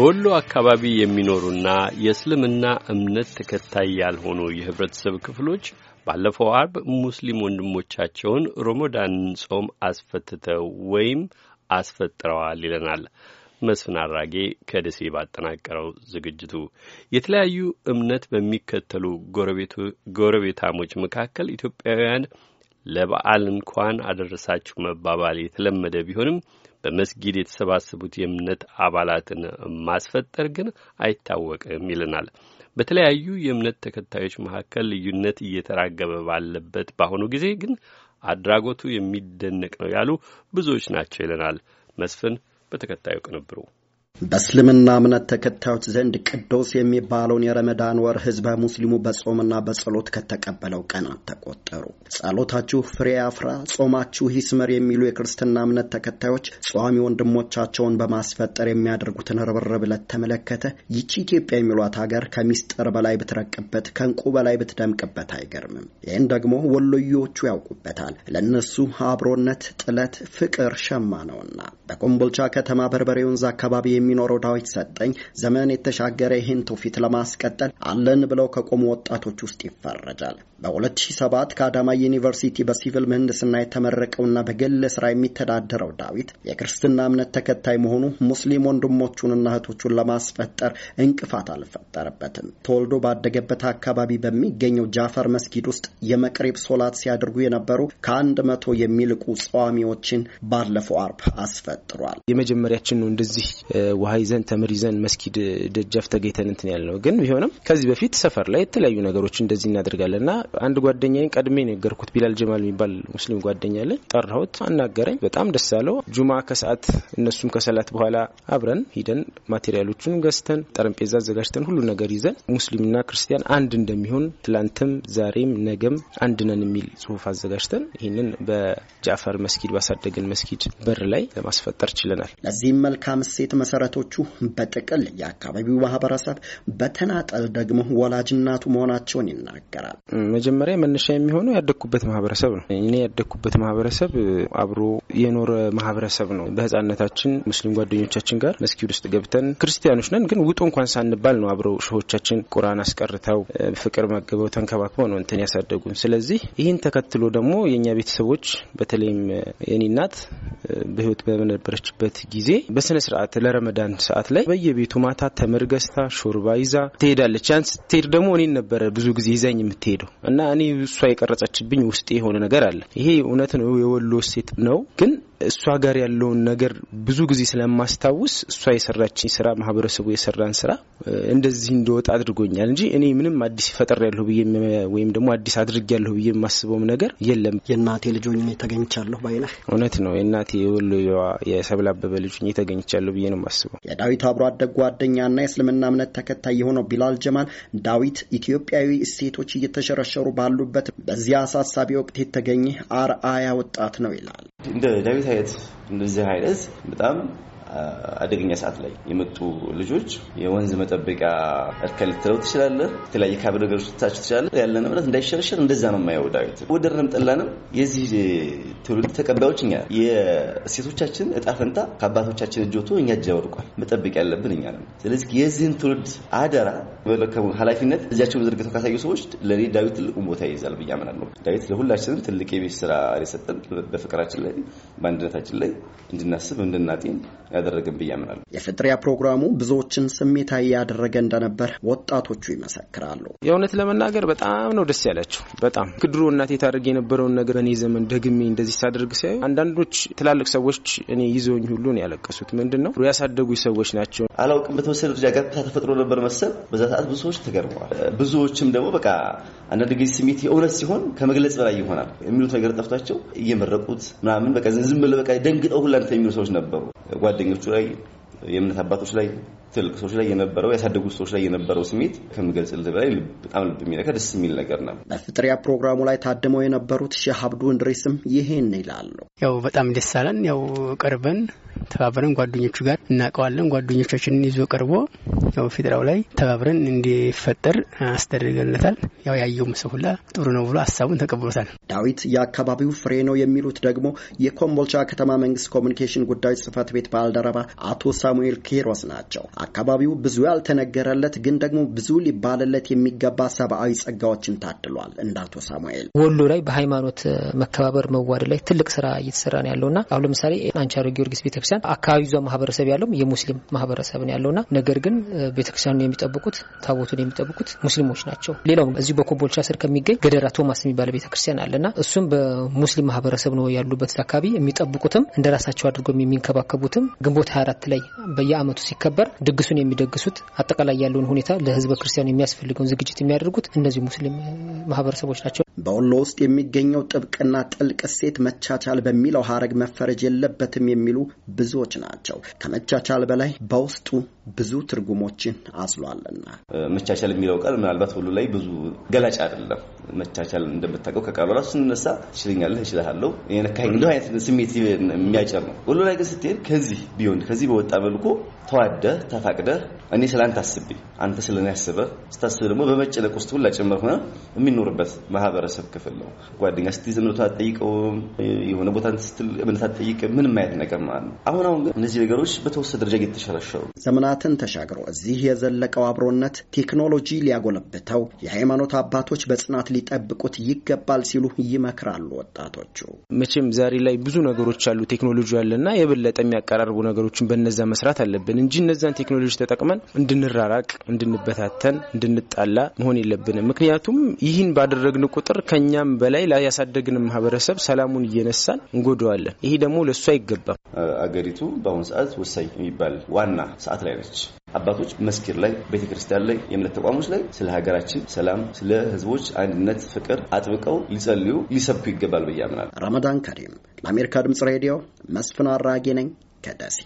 በወሎ አካባቢ የሚኖሩና የእስልምና እምነት ተከታይ ያልሆኑ የህብረተሰብ ክፍሎች ባለፈው አርብ ሙስሊም ወንድሞቻቸውን ሮሞዳንን ጾም አስፈትተው ወይም አስፈጥረዋል ይለናል መስፍን አራጌ ከደሴ ባጠናቀረው ዝግጅቱ። የተለያዩ እምነት በሚከተሉ ጎረቤታሞች መካከል ኢትዮጵያውያን ለበዓል እንኳን አደረሳችሁ መባባል የተለመደ ቢሆንም በመስጊድ የተሰባሰቡት የእምነት አባላትን ማስፈጠር ግን አይታወቅም ይለናል። በተለያዩ የእምነት ተከታዮች መካከል ልዩነት እየተራገበ ባለበት በአሁኑ ጊዜ ግን አድራጎቱ የሚደነቅ ነው ያሉ ብዙዎች ናቸው ይለናል መስፍን በተከታዩ ቅንብሩ። በእስልምና እምነት ተከታዮች ዘንድ ቅዱስ የሚባለውን የረመዳን ወር ህዝበ ሙስሊሙ በጾምና በጸሎት ከተቀበለው ቀናት ተቆጠሩ። ጸሎታችሁ ፍሬ አፍራ ጾማችሁ ሂስመር የሚሉ የክርስትና እምነት ተከታዮች ጿሚ ወንድሞቻቸውን በማስፈጠር የሚያደርጉትን ርብርብ ለተመለከተ ይቺ ኢትዮጵያ የሚሏት ሀገር ከሚስጥር በላይ ብትረቅበት፣ ከእንቁ በላይ ብትደምቅበት አይገርምም። ይህን ደግሞ ወሎዮቹ ያውቁበታል። ለእነሱ አብሮነት፣ ጥለት፣ ፍቅር ሸማ ነውና በኮምቦልቻ ከተማ በርበሬ ወንዝ አካባቢ የሚኖረው ዳዊት ሰጠኝ ዘመን የተሻገረ ይህን ትውፊት ለማስቀጠል አለን ብለው ከቆሙ ወጣቶች ውስጥ ይፈረጃል። በ2007 ከአዳማ ዩኒቨርሲቲ በሲቪል ምህንድስና የተመረቀውና በግል ስራ የሚተዳደረው ዳዊት የክርስትና እምነት ተከታይ መሆኑ ሙስሊም ወንድሞቹንና እህቶቹን ለማስፈጠር እንቅፋት አልፈጠረበትም። ተወልዶ ባደገበት አካባቢ በሚገኘው ጃፈር መስጊድ ውስጥ የመቅሪብ ሶላት ሲያደርጉ የነበሩ ከአንድ መቶ የሚልቁ ጸዋሚዎችን ባለፈው አርብ አስፈጥሯል። የመጀመሪያችን ነው እንደዚህ ውሃ ይዘን ተምር ይዘን መስኪድ ደጃፍ ተገኝተን እንትን ያለ ነው። ግን ቢሆንም ከዚህ በፊት ሰፈር ላይ የተለያዩ ነገሮች እንደዚህ እናደርጋለን እና አንድ ጓደኛዬን ቀድሜ ነገርኩት። ቢላል ጀማል የሚባል ሙስሊም ጓደኛ አለኝ። ጠራሁት፣ አናገረኝ። በጣም ደስ አለው። ጁማ ከሰዓት እነሱም ከሰላት በኋላ አብረን ሂደን ማቴሪያሎቹን ገዝተን ጠረጴዛ አዘጋጅተን ሁሉ ነገር ይዘን ሙስሊምና ክርስቲያን አንድ እንደሚሆን ትላንትም፣ ዛሬም፣ ነገም አንድ ነን የሚል ጽሁፍ አዘጋጅተን ይህንን በጃፈር መስጊድ ባሳደግን መስጊድ በር ላይ ለማስፈጠር ችለናል። ለዚህም መልካም እሴት መሰ መሰረቶቹ በጥቅል የአካባቢው ማህበረሰብ፣ በተናጠል ደግሞ ወላጅናቱ መሆናቸውን ይናገራል። መጀመሪያ መነሻ የሚሆነው ያደግኩበት ማህበረሰብ ነው። እኔ ያደግኩበት ማህበረሰብ አብሮ የኖረ ማህበረሰብ ነው። በህጻነታችን ሙስሊም ጓደኞቻችን ጋር መስጊድ ውስጥ ገብተን ክርስቲያኖች ነን ግን ውጡ እንኳን ሳንባል ነው አብረው ሸሆቻችን ቁርአን አስቀርተው ፍቅር መግበው ተንከባክበው ነው እንትን ያሳደጉን። ስለዚህ ይህን ተከትሎ ደግሞ የእኛ ቤተሰቦች በተለይም የኔ እናት በህይወት በነበረችበት ጊዜ በስነ ስርዓት ለረመ ረመዳን ሰዓት ላይ በየቤቱ ማታ ተምር ገዝታ ሾርባ ይዛ ትሄዳለች። ያን ስትሄድ ደግሞ እኔን ነበረ ብዙ ጊዜ ይዛኝ የምትሄደው እና እኔ እሷ የቀረጸችብኝ ውስጥ የሆነ ነገር አለ። ይሄ እውነት ነው፣ የወሎ ሴት ነው ግን እሷ ጋር ያለውን ነገር ብዙ ጊዜ ስለማስታውስ እሷ የሰራችኝ ስራ ማህበረሰቡ የሰራን ስራ እንደዚህ እንደወጣ አድርጎኛል እንጂ እኔ ምንም አዲስ ፈጠር ያለሁ ብዬ ወይም ደግሞ አዲስ አድርግ ያለሁ ብዬ የማስበውም ነገር የለም። የእናቴ ልጅ ሆኜ ተገኝቻለሁ ባይነህ እውነት ነው። የእናቴ የወሎዋ የሰብል አበበ ልጅ ሆኜ ተገኝቻለሁ ብዬ ነው የማስበው። የዳዊት አብሮ አደግ ጓደኛና የእስልምና እምነት ተከታይ የሆነው ቢላል ጀማል ዳዊት ኢትዮጵያዊ እሴቶች እየተሸረሸሩ ባሉበት በዚያ አሳሳቢ ወቅት የተገኘ አርአያ ወጣት ነው ይላል። እንደ ዳዊት መታየት እንደዚህ አይነት በጣም አደገኛ ሰዓት ላይ የመጡ ልጆች የወንዝ መጠበቂያ እርከን ልትለው ትችላለህ። የተለያየ ካብ ነገሮች ልታችሁ ትችላለህ። ያለ ንብረት እንዳይሸረሸር እንደዛ ነው የማየው። ዳዊት ወደድንም ጠላንም የዚህ ትውልድ ተቀባዮች እኛ የሴቶቻችን እጣ ፈንታ ከአባቶቻችን እጅ ወጥቶ እኛ እጅ ያወድቋል። መጠበቅ ያለብን እኛ ነን። ስለዚህ የዚህን ትውልድ አደራ በለከቡን ኃላፊነት እጃቸውን ዘርግተው ካሳዩ ሰዎች ለእኔ ዳዊት ትልቁን ቦታ ይይዛል ብዬ አምናለሁ። ዳዊት ለሁላችንም ትልቅ የቤት ስራ የሰጠን በፍቅራችን ላይ በአንድነታችን ላይ እንድናስብ እንድናጤን ያደረግን ብዬ አምናለሁ። የፍጥሪያ ፕሮግራሙ ብዙዎችን ስሜታዊ ያደረገ እንደነበር ወጣቶቹ ይመሰክራሉ። የእውነት ለመናገር በጣም ነው ደስ ያላቸው። በጣም ድሮ እናቴ ታደርግ የነበረውን ነገር እኔ ዘመን ደግሜ እንደዚህ ሳደርግ ሲያዩ አንዳንዶች ትላልቅ ሰዎች እኔ ይዘውኝ ሁሉ ነው ያለቀሱት። ምንድን ነው ያሳደጉ ሰዎች ናቸው። አላውቅም በተወሰነ ደረጃ ጋር ተፈጥሮ ነበር መሰል በዛ ሰዓት ብዙ ሰዎች ተገርመዋል። ብዙዎችም ደግሞ በቃ አንዳንድ ጊዜ ስሜት የእውነት ሲሆን ከመግለጽ በላይ ይሆናል የሚሉት ነገር ጠፍቷቸው እየመረቁት ምናምን በቃ ዝም ብለህ በቃ ደንግጠው ሁላ የሚሉ ሰዎች ነበሩ። ጓደኞቹ ላይ የእምነት አባቶች ላይ ትልቅ ሰዎች ላይ የነበረው ያሳደጉት ሰዎች ላይ የነበረው ስሜት ከምገልጽልህ በላይ በጣም ልብ የሚነካ ደስ የሚል ነገር ነው። በፍጥሪያ ፕሮግራሙ ላይ ታድመው የነበሩት ሼህ አብዱ እንድሪስም ይሄን ይላሉ። ያው በጣም ደስ አለን። ያው ቀርበን ተባብረን ጓደኞቹ ጋር እናውቀዋለን። ጓደኞቻችንን ይዞ ቀርቦ ያው ፊጥራው ላይ ተባብረን እንዲፈጠር አስደርገለታል። ያው ያየውም ሰው ሁላ ጥሩ ነው ብሎ ሀሳቡን ተቀብሎታል። ዳዊት የአካባቢው ፍሬ ነው የሚሉት ደግሞ የኮምቦልቻ ከተማ መንግስት ኮሚኒኬሽን ጉዳዮች ጽህፈት ቤት ባልደረባ አቶ ሳሙኤል ኬሮስ ናቸው። አካባቢው ብዙ ያልተነገረለት ግን ደግሞ ብዙ ሊባልለት የሚገባ ሰብአዊ ጸጋዎችን ታድሏል። እንደ አቶ ሳሙኤል ወሎ ላይ በሃይማኖት መከባበር መዋደ ላይ ትልቅ ስራ እየተሰራ ነው ያለውና አሁን ለምሳሌ አንቻሮ ጊዮርጊስ ቤተክርስቲያን አካባቢ ዟ ማህበረሰብ ያለው የሙስሊም ማህበረሰብ ነው ያለውና ነገር ግን ቤተክርስቲያኑ የሚጠብቁት ታቦቱን የሚጠብቁት ሙስሊሞች ናቸው። ሌላውም እዚሁ በኮምቦልቻ ስር ከሚገኝ ገደራ ቶማስ የሚባለ ቤተክርስቲያን አለና እሱም በሙስሊም ማህበረሰብ ነው ያሉበት አካባቢ የሚጠብቁትም እንደ ራሳቸው አድርገው የሚንከባከቡትም ግንቦት 24 ላይ በየአመቱ ሲከበር ድግሱን የሚደግሱት አጠቃላይ ያለውን ሁኔታ ለህዝበ ክርስቲያኑ የሚያስፈልገውን ዝግጅት የሚያደርጉት እነዚህ ሙስሊም ማህበረሰቦች ናቸው። በወሎ ውስጥ የሚገኘው ጥብቅና ጥልቅ እሴት መቻቻል በሚለው ሀረግ መፈረጅ የለበትም የሚሉ ብዙዎች ናቸው። ከመቻቻል በላይ በውስጡ ብዙ ትርጉሞችን አዝሏልና መቻቻል የሚለው ቃል ምናልባት ሁሉ ላይ ብዙ ገላጭ አይደለም። መቻቻል እንደምታውቀው ከቃሉ ራሱ ስንነሳ ትችለኛለህ፣ እችልሃለሁ፣ ይነካኝ እንደው አይነት ስሜት የሚያጨር ነው። ሁሉ ላይ ግን ስትሄድ ከዚህ ቢሆን ከዚህ በወጣ መልኩ ተዋደህ ተፋቅደህ እኔ ስለ አንተ አስቤ አንተ ስለ እኔ አስበህ ስታስብ ደግሞ በመጨነቅ ውስጥ ሁላ ጭምር ሆነ የሚኖርበት ማህበረሰብ ክፍል ነው። ጓደኛ ስትይዝ እምነቱን አትጠይቀውም፣ የሆነ ቦታ ስትል እምነት አትጠይቅም፣ ምን አይነት ነገር ማለት ነው። አሁን አሁን ግን እነዚህ ነገሮች በተወሰነ ደረጃ እየተሸረሸሩ ዘመናትን ተሻግሮ እዚህ የዘለቀው አብሮነት ቴክኖሎጂ ሊያጎለብተው፣ የሃይማኖት አባቶች በጽናት ሊጠብቁት ይገባል ሲሉ ይመክራሉ ወጣቶቹ። መቼም ዛሬ ላይ ብዙ ነገሮች አሉ ቴክኖሎጂ አለና የበለጠ የሚያቀራርቡ ነገሮችን በነዛ መስራት አለብን። አለብን እንጂ እነዛን ቴክኖሎጂ ተጠቅመን እንድንራራቅ፣ እንድንበታተን፣ እንድንጣላ መሆን የለብንም። ምክንያቱም ይህን ባደረግን ቁጥር ከኛም በላይ ያሳደግን ማህበረሰብ ሰላሙን እየነሳን እንጎደዋለን። ይሄ ደግሞ ለእሱ አይገባም። አገሪቱ በአሁኑ ሰዓት ወሳኝ የሚባል ዋና ሰዓት ላይ ነች። አባቶች መስኪር ላይ ቤተክርስቲያን ላይ የእምነት ተቋሞች ላይ ስለ ሀገራችን ሰላም፣ ስለ ህዝቦች አንድነት፣ ፍቅር አጥብቀው ሊጸልዩ ሊሰብኩ ይገባል ብዬ አምናለሁ። ረመዳን ከሪም ለአሜሪካ ድምጽ ሬዲዮ መስፍን አራጌ ነኝ ከደሴ